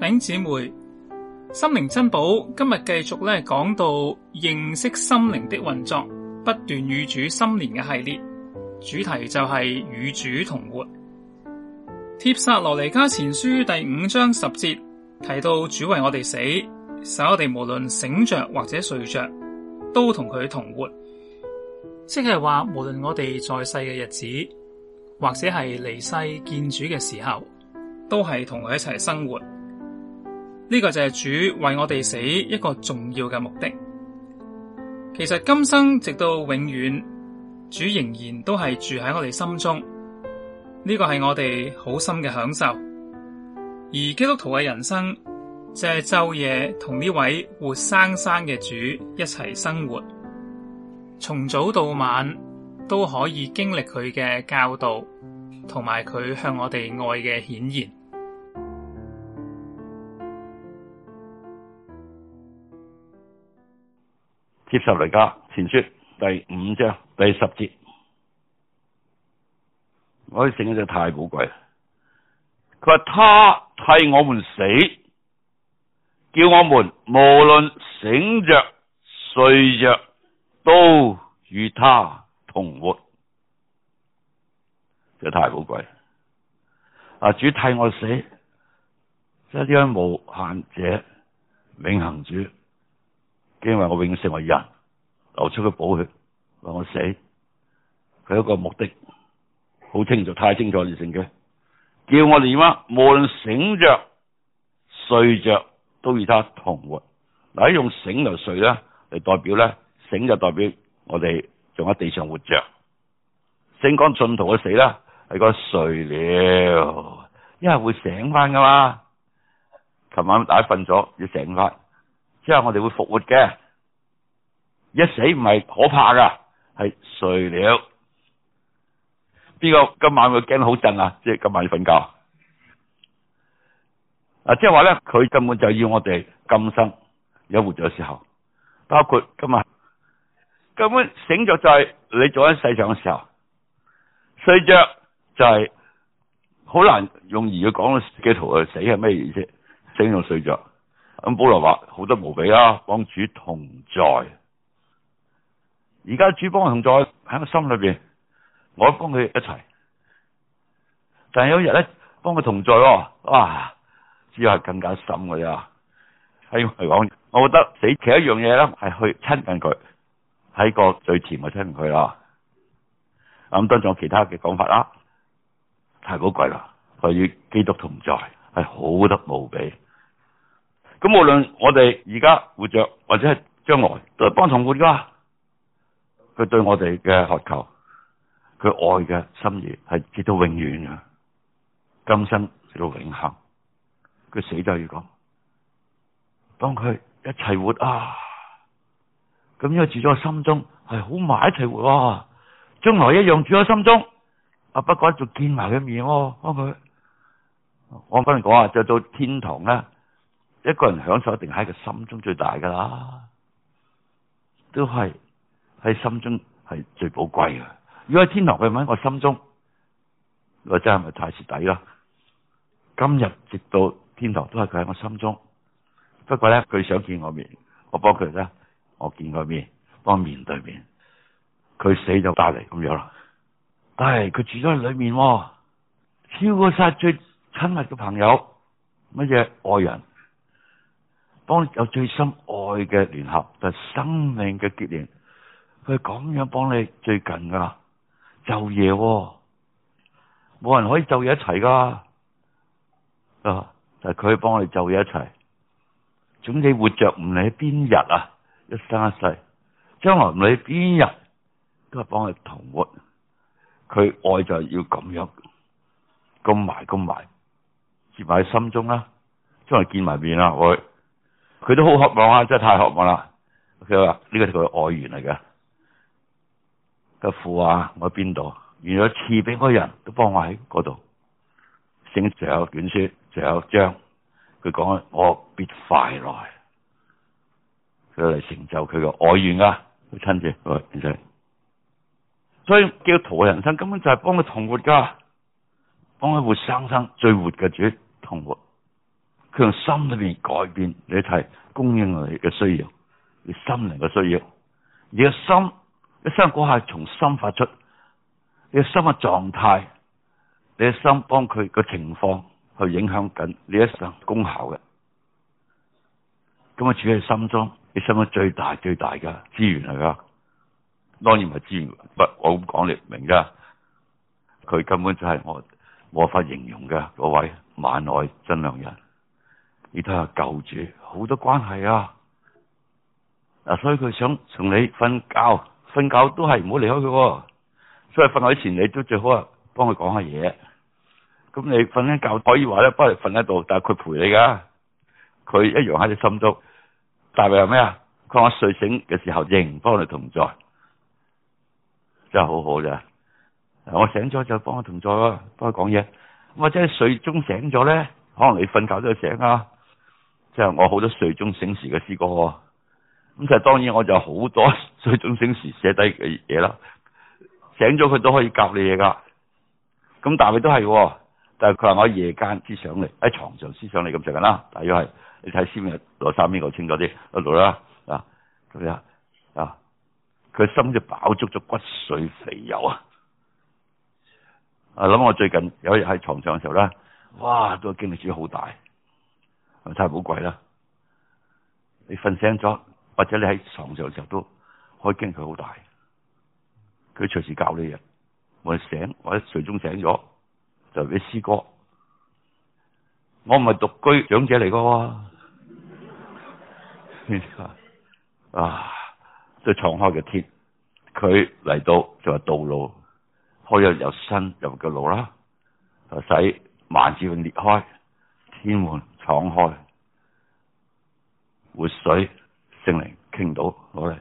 頂姊妹，心靈珍寶，今日繼續咧講到認識心靈的運作，不斷與主心連嘅系列，主題就係與主同活。帖撒羅尼加前書第五章十節提到，主為我哋死，使我哋無論醒着或者睡着，都同佢同活，即係話無論我哋在世嘅日子，或者係離世見主嘅時候，都係同佢一齊生活。呢個就係主為我哋死一個重要嘅目的。其實今生直到永遠，主仍然都係住喺我哋心中，呢個係我哋好深嘅享受。而基督徒嘅人生就係晝夜同呢位活生生嘅主一齊生活，從早到晚都可以經歷佢嘅教導，同埋佢向我哋愛嘅顯現。接受嚟噶，前書第五章第十節，我哋醒咗就太寶貴。佢話，他替我們死，叫我們無論醒着睡着，都與他同活。真係太寶貴。啊，主替我死，真係呢個無限者永恒主。因為我永遠成為人，流出佢寶血，為我死，佢一個目的，好清楚，太清楚，你聖嘅叫我哋點啊？無論醒着睡着，都與他同活。嗱，用醒同睡咧嚟代表咧，醒就代表我哋仲喺地上活着，聖經講信徒嘅死啦，係個睡了，因為會醒翻噶嘛。琴晚大家瞓咗要醒翻。即係我哋會復活嘅，一死唔係可怕噶，係睡了。邊個今晚會驚好震啊？即係今晚要瞓覺。即係話咧，佢根本就要我哋今生有活咗嘅時候，包括今日根本醒著就係你做緊世上嘅時候，睡着就係好難用而語講己圖去死係咩意思？醒同睡着。咁保羅話好得無比啦，幫主同在。而家主幫我同在喺個心裏邊，我幫佢一齊。但係有一日咧，幫佢同在，啊，只係更加深佢呀。係喺嚟講，我覺得死其一樣嘢咧，係去親近佢，喺個最甜嘅親近佢啦。咁多咗其他嘅講法啦，太寶貴啦！我與基督同在，係好得無比。咁無論我哋而家活着或者係將來，都係幫同活㗎，佢對我哋嘅渴求，佢愛嘅心意係直到永遠嘅，今生直到永恒。佢死就要講，當佢一齊活啊！咁因為住咗我心中係好埋一齊活，將來一樣住喺我心中。阿伯哥仲見埋佢面，幫、啊、佢我跟你講啊，就到天堂啦。一個人享受一定喺佢心中最大噶啦，都係喺心中係最寶貴嘅。如果喺天堂佢唔喺我心中我真係咪太蝕底咯。今日直到天堂都係佢喺我心中，不過咧佢想見我面，我幫佢啦。我見佢面，幫面對面。佢死就帶嚟咁樣。但係佢住咗喺裏面，超過晒最親密嘅朋友乜嘢愛人。幫你有最深愛嘅聯合，就係、生命嘅結連，佢咁樣幫你最近噶啦，晝夜、啊，冇人可以晝夜一齊噶，啊！但係佢可以幫我哋晝夜一齊。總之活着唔理邊日啊，一生一世，將來唔理邊日都係幫我同活。佢愛就係要咁樣，咁埋咁埋，接埋喺心中啦、啊，將來見埋面啦，愛。佢都好渴望啊，真係太渴望啦！佢話呢個係佢愛願嚟㗎。個父啊，我喺邊度？原來賜俾我人都幫我喺嗰度，剩仲有卷書，就有一章。佢講我必快來，佢嚟成就佢嘅愛願㗎。親自喂，認真。所以基督徒嘅人生根本就係幫佢同活噶，幫佢活生生最活嘅主同活。佢心裏邊改變，你係供應你嘅需要，你心靈嘅需要，而個心一生嗰下從心發出，你嘅心嘅狀態，你嘅心幫佢個情況去影響緊你一生的功效嘅。咁啊，主要心中，你心中最大最大嘅資源嚟㗎，當然唔係資源。不我咁講你唔明㗎，佢根本就係我無法形容嘅嗰位萬愛真良人。你睇下救主好多關係啊，啊，所以佢想同你瞓覺，瞓覺都係唔好離開佢。啊，所以瞓覺前你都最好啊幫佢講下嘢。咁你瞓緊覺可以話咧，幫你瞓喺度，但係佢陪你噶，佢一樣喺你心中，但係又咩啊？佢話，我睡醒嘅時候仍然幫你同在，真係好好，啊、咋。我醒咗就幫我同在咯，幫佢講嘢。我或者睡中醒咗咧，可能你瞓覺都醒啊。即、就、係、是、我好多睡中醒時嘅詩歌，咁就當然我就好多睡中醒時寫低嘅嘢啦。醒咗佢都可以教你嘢㗎。咁但係都係，但係佢話我夜間思想嚟，喺床上思想嚟咁成日啦。大約係你睇詩文，羅三邊我清楚啲，去到啦啊咁樣啊，佢心就飽足咗骨髓肥油啊。啊，諗我最近有日喺床上嘅時候咧，哇個經歷主好大。太寶貴啦！你瞓醒咗，或者你喺床上嘅時候都，開驚佢好大，佢隨時教你嘅。我醒，或者睡中醒咗，就俾詩哥，我唔係獨居長者嚟噶。 啊，都敞開嘅天。佢嚟到就係道路開咗又新入又嘅路啦，就使萬字裂開天門。敞開活水，性靈傾倒，好咧。